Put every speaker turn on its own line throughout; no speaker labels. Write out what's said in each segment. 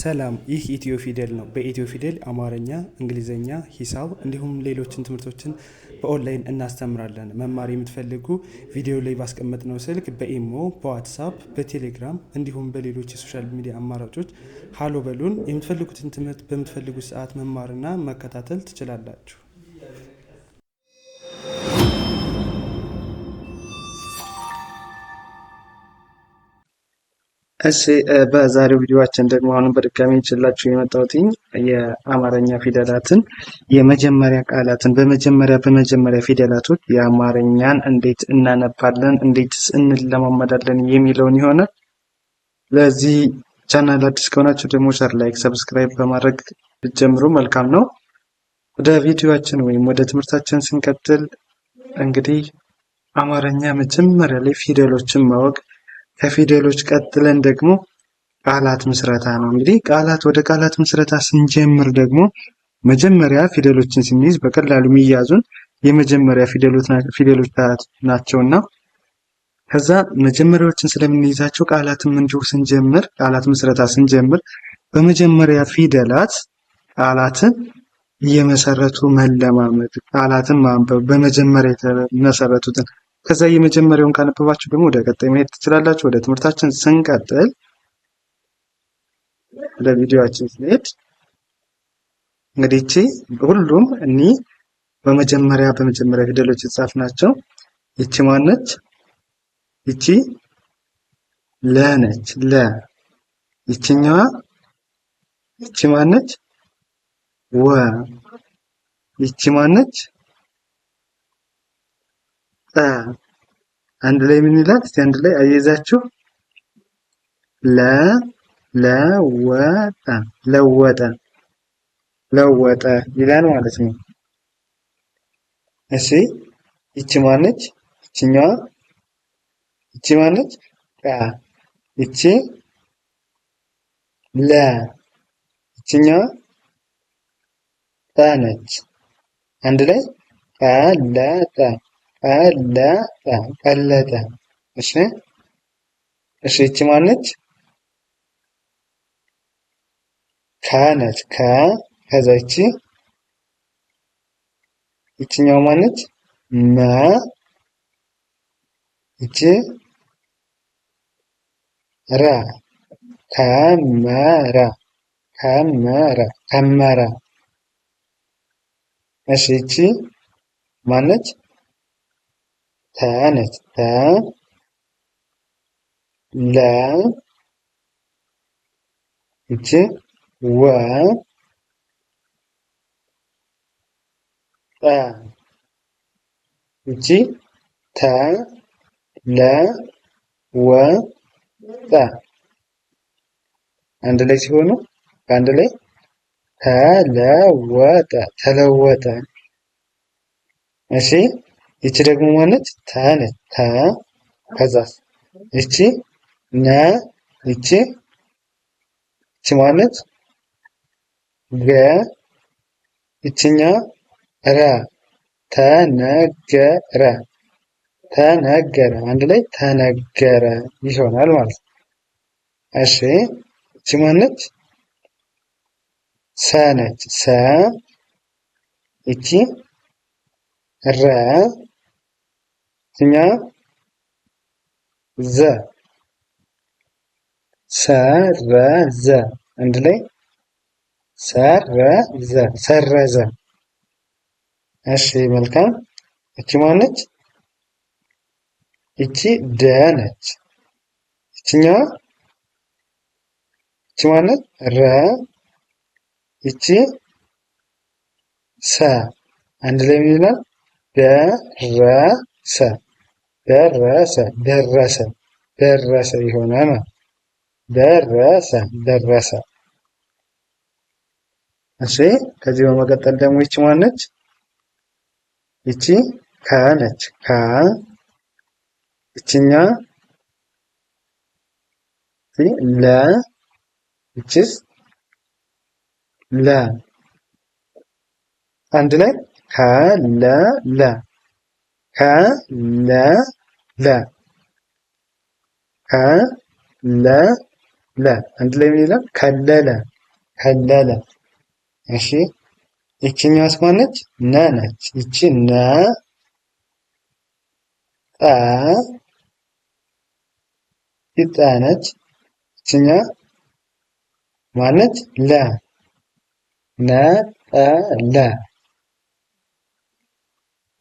ሰላም፣ ይህ ኢትዮ ፊደል ነው። በኢትዮ ፊደል አማርኛ፣ እንግሊዝኛ፣ ሂሳብ እንዲሁም ሌሎችን ትምህርቶችን በኦንላይን እናስተምራለን። መማር የምትፈልጉ ቪዲዮ ላይ ባስቀመጥነው ስልክ በኢሞ፣ በዋትሳፕ፣ በቴሌግራም እንዲሁም በሌሎች የሶሻል ሚዲያ አማራጮች ሀሎ በሉን። የምትፈልጉትን ትምህርት በምትፈልጉት ሰዓት መማርና መከታተል ትችላላችሁ። እሺ በዛሬው ቪዲዮአችን ደግሞ አሁንም በድጋሚ ይችላችሁ የመጣሁትኝ የአማርኛ ፊደላትን የመጀመሪያ ቃላትን በመጀመሪያ በመጀመሪያ ፊደላቶች የአማርኛን እንዴት እናነባለን፣ እንዴትስ እንለማመዳለን የሚለውን የሆነ ለዚህ ቻናል አዲስ ከሆናችሁ ደግሞ ሸር፣ ላይክ፣ ሰብስክራይብ በማድረግ ጀምሩ። መልካም ነው። ወደ ቪዲዮአችን ወይም ወደ ትምህርታችን ስንቀጥል እንግዲህ አማርኛ መጀመሪያ ላይ ፊደሎችን ማወቅ ከፊደሎች ቀጥለን ደግሞ ቃላት ምስረታ ነው። እንግዲህ ቃላት ወደ ቃላት ምስረታ ስንጀምር ደግሞ መጀመሪያ ፊደሎችን ስንይዝ በቀላሉ የሚያዙን የመጀመሪያ ፊደሎች ናቸውና ከዛ መጀመሪያዎችን ስለምንይዛቸው ቃላትም እንዲሁ ስንጀምር ቃላት ምስረታ ስንጀምር በመጀመሪያ ፊደላት ቃላትን እየመሰረቱ መለማመድ ቃላትን ማንበብ በመጀመሪያ የተመሰረቱትን ከዛ የመጀመሪያውን ካነበባችሁ ደግሞ ወደ ቀጣይ መሄድ ትችላላችሁ። ወደ ትምህርታችን ስንቀጥል ወደ ቪዲዮአችን ስንሄድ እንግዲህ ሁሉም እኒ በመጀመሪያ በመጀመሪያ ፊደሎች የተጻፍ ናቸው። ይቺ ማነች? ይቺ ለነች ለ ይቺኛዋ ይቺ ማነች? ወ ይቺ ማነች? አንድ ላይ ምን ይላል? እስቲ አንድ ላይ አያይዛችሁ ለ ለወጠ ለወጠ ለወጠ ይላል ማለት ነው። እሺ ይቺ ማነች? ይቺኛዋ ይቺ ማነች? ቃ ይቺ ለ ይቺኛዋ ጣ ነች። አንድ ላይ ጣ ለ ቀለጠ ቀለጠ። እሺ እሺ፣ እቺ ማነች? ከነች ከ ከዛ እቺ ይችኛው ማነች? መ እቺ ረ ከመረ ከመረ ከመረ። እሺ እቺ ማነች? ተነስተ ለ ጅ ወ ጠ ጅ ተ ለ ወ ጠ አንድ ላይ ሲሆኑ በአንድ ላይ ተለወጠ ተለወጠ። እሺ ይቺ ደግሞ ማለት ተነ ተ ከዛስ ይቺ ነ ይቺ ይቺ ማለት ገ ይችኛ ረ ተነገረ ተነገረ አንድ ላይ ተነገረ ይሆናል ማለት ነው። እሺ ይቺ ማነች? ሰነች ሰ ይቺ ረ ኛ ዘ ሰረዘ አንድ ላይ ሰረዘ ሰረዘ። እሺ መልካም። እቺ ማነች? እቺ ደ ነች። እቺኛዋ እቺ ማነች? ረ እቺ ሰ አንድ ላይ ምን ይላል? ደረሰ ደረሰ ደረሰ ደረሰ የሆነ ማለት ደረሰ ደረሰ። እሺ ከዚህ በመቀጠል ደግሞ ይቺ ማነች? ይቺ ከነች ከ ይችኛ ለ ይችስ ለ አንድ ላይ ከለለ ከለለ ከለለ አንድ ላይ ምን ይላል? ከለለ ከለለ። እሺ ይቺኛዋስ ማነች? ነ ነች። ይቺ ነ ጠ ይጠ ነች። ይቺኛ ማነች? ለ ነ ጠ ለ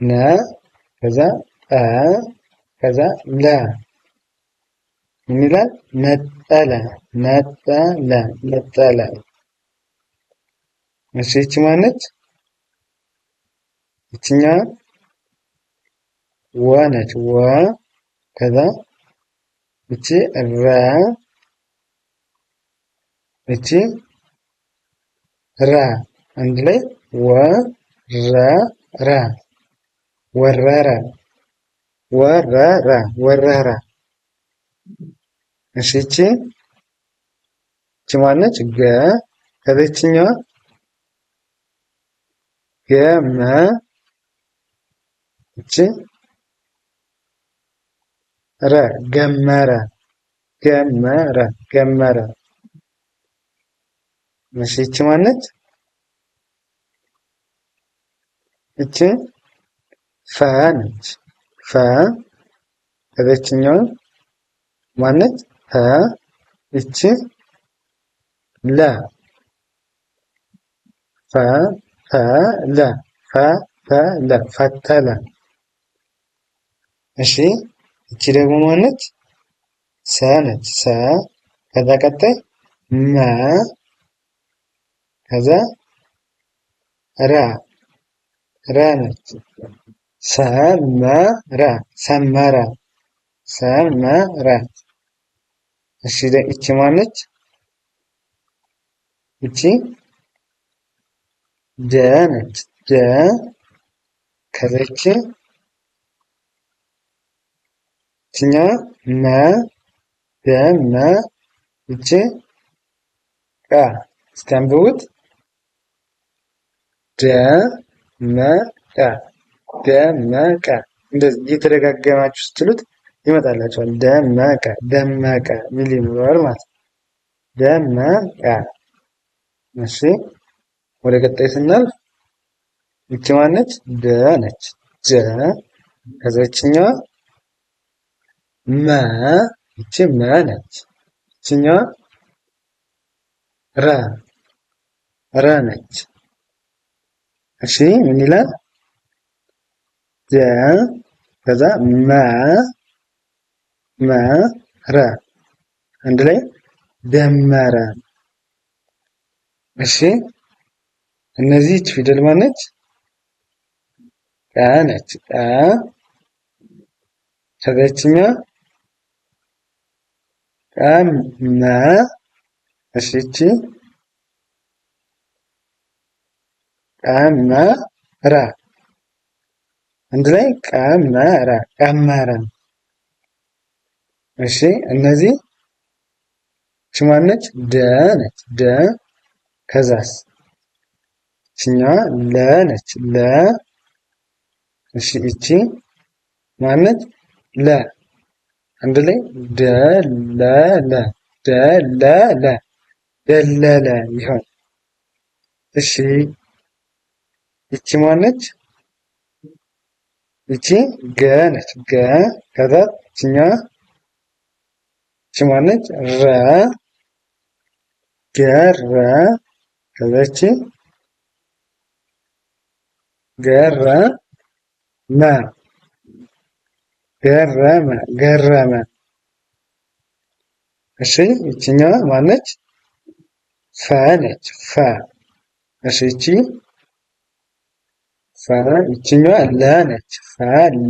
ነ كذا آه. كذا لا من لا نتلا نتلا نتألا ماشي تمانت اتنيا وانت و كذا اتي را اتي را عندلي و را را ወረረ ወረረ ወረረ። እሺ እቺ እቺ ማነች? ገ ከዚችኛዋ ገመ እቺ ረ ገመረ ገመረ ገመረ። እሺ እቺ ማነች? እቺ ፈ ነች። ፈ በበችኛው ማነች? ፈ እች ለ ፈ ፈ ለ ፈ ፈ ለ ፈተለ። እሺ እቺ ደግሞ ማነች? ሰ ነች። ሰ ከዛ ቀጣይ መ ከዛ ረ ረ ነች። ሰመረ ሰመረ ሰመረ። እሺ እቺ ማነች? እቺ ደ ነች። ደ ከዘች እችኛ መ ደመ እቺ ቀ እስቲ አንብቡት ደመቀ ደመቀ እንደዚህ እየተደጋገማችሁ ስትሉት ይመጣላችኋል። ደመቀ ደመቀ ሚል ይኖረዋል ማለት ነው። ደመቀ። እሺ ወደ ቀጣይ ስናልፍ ይቺ ማነች? ደ ነች። ጀ ከዛችኛዋ መ ይቺ መ ነች። ይችኛዋ ረ ረ ነች። እሺ ምን ይላል? ደ ከዛ መ መረ አንድ ላይ ደመረ። እሺ እነዚህች ፊደል ማነች? ቀ ነች። ቀ ከዛችኛ ቀመ። እሺ እቺ ቀመረ ላይ ቀመረ ቀመረ። እሺ እነዚህ ሽማነች ደ ነች ደ ከዛስ እኛ ለ ነች ለ እሺ እቺ ማነች ለ አንድ ላይ ደለለ ደለለ ደለለ ይሆን። እሺ እቺ ማነች እቺ ገ ነች። ገ ከዛ ችኛ ሽማነች ረ ገ ከዛች ገረ መ ገረመ ገረመ። እሺ እቺኛ ማነች? ፈ ነች። ፈ እሺ እቺ ይችኛዋ ለ ነች።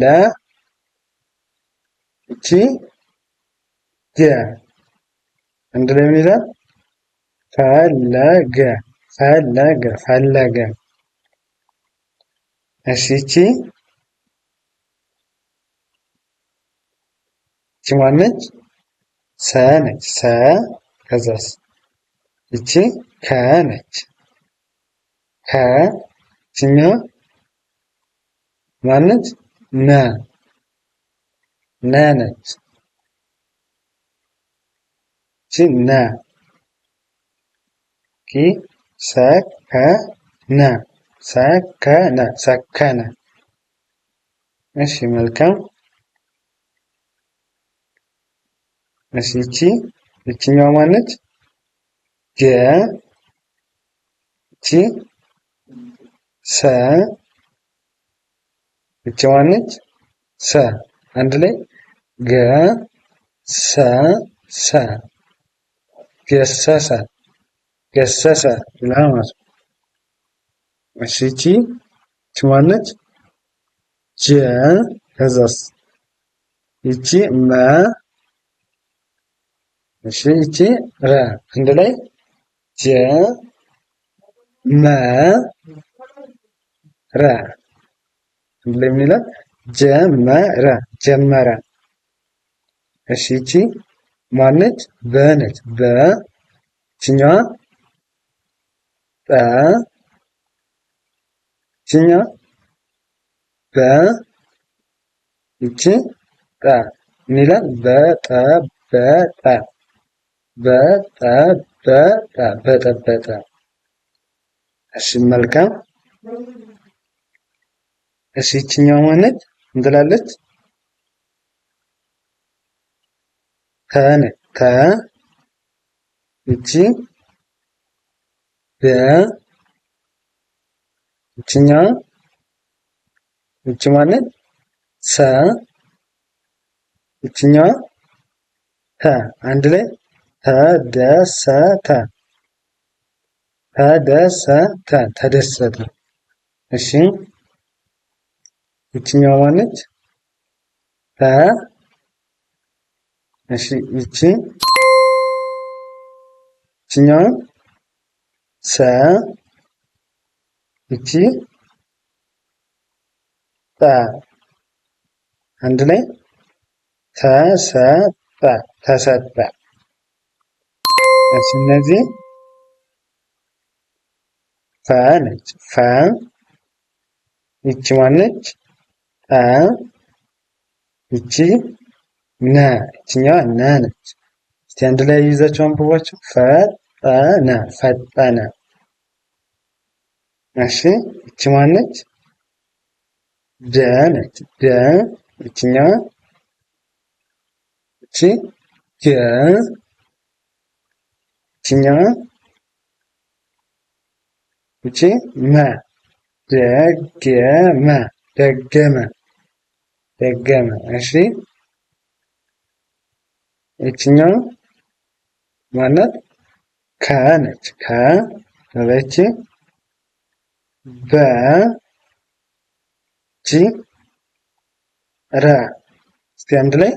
ለ እቺ ገ አንድ ላይ ምን ይላል? ፈለገ ፈለገ ፈለገ። እሺ እቺ እቺ ማነች? ሰ ነች። ሰ ከዛስ እቺ ከ ነች። ከ እቺኛዋ ማነት መ ነ ነች። እሺ ነ ኪ ሰከነ ሰከነ ሰከነ። እሺ መልካም። እሺ እቺ እቺኛው ማነች? ጀ እቺ ሰ ብቻዋን ማነች ሰ አንድ ላይ ገ ሰ ሰ ገሰሰ ገሰሰ ይላል ማለት ነው። እሺ እቺ ብቻዋን ነች። ጀ ከዛስ እቺ መ እሺ እቺ ረ አንድ ላይ ጀ መ ረ እንደሚለው ጀመረ ጀመረ። እሺ እቺ ማነች? በነች በ ችኛዋ ጠ ችኛ በ እቺ ጠ የሚለን በጠበጠ በጠበጠ በጠበጠ። እሺ መልካም እሺ ይችኛዋ ማነች? እንትላለች ተነ ተ እቺ በ እቺኛ እቺ ማነች? ሰ እቺኛ ተ አንድ ላይ ተደሰተ ተደሰተ ተደሰተ። እሺ ይችኛዋ ማነች? ተ እሺ፣ ይቺ ይችኛው ሰ ይቺ ጠ አንድ ላይ ተሰጠ ተሰጠ። እሺ፣ እነዚህ ፈ ነች። ፈ ይቺ ማነች? ይቺ ነ ይችኛዋ ነ ነች። እስቲ አንድ ላይ ይዛቸው አንብቧቸው። ፈጠነ ፈጠነ። እሺ ይቺ ማነች? ደ ነች። ደ ይችኛዋ ይቺ ገ ይችኛዋ ይቺ መ ደገመ ደገመ ደገመ። እሺ እችኛው ማናት? ከ ነች። ከ ለለች በ ጂ ረ እስቲ አንድ ላይ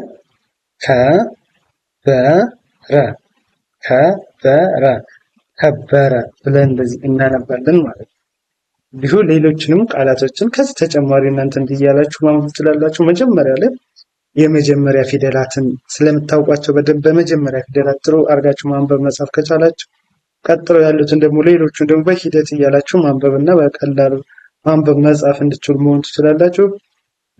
ከ በ ረ ከ በ ረ ከበረ ብለን እንደዚህ እናነባለን ማለት ነው። እንዲሁ ሌሎችንም ቃላቶችን ከዚህ ተጨማሪ እናንተ እያላችሁ ማንበብ ትችላላችሁ። መጀመሪያ ላይ የመጀመሪያ ፊደላትን ስለምታውቋቸው በደንብ በመጀመሪያ ፊደላት ጥሩ አድርጋችሁ ማንበብ መጻፍ ከቻላችሁ ቀጥሎ ያሉትን ደግሞ ሌሎቹን ደግሞ በሂደት እያላችሁ ማንበብና በቀላሉ ማንበብ መጻፍ እንድችሉ መሆን ትችላላችሁ።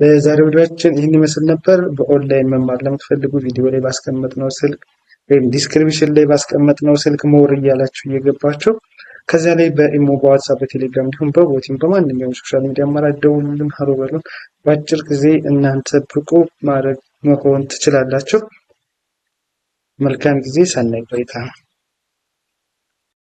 በዛሬ ቪዲዮችን ይህን ይመስል ነበር። በኦንላይን መማር ለምትፈልጉ ቪዲዮ ላይ ባስቀመጥነው ስልክ ወይም ዲስክሪፕሽን ላይ ባስቀመጥነው ስልክ ሞር እያላችሁ እየገባችሁ ከዚያ ላይ በኢሞ በዋትሳፕ በቴሌግራም እንዲሁም በቦቲም በማንኛውም ሶሻል ሚዲያ አማራጭ ደውሉልን፣ ሀሮ በሉን። በአጭር ጊዜ እናንተ ብቁ ማድረግ መሆን ትችላላችሁ። መልካም ጊዜ፣ ሰናይ ቆይታ።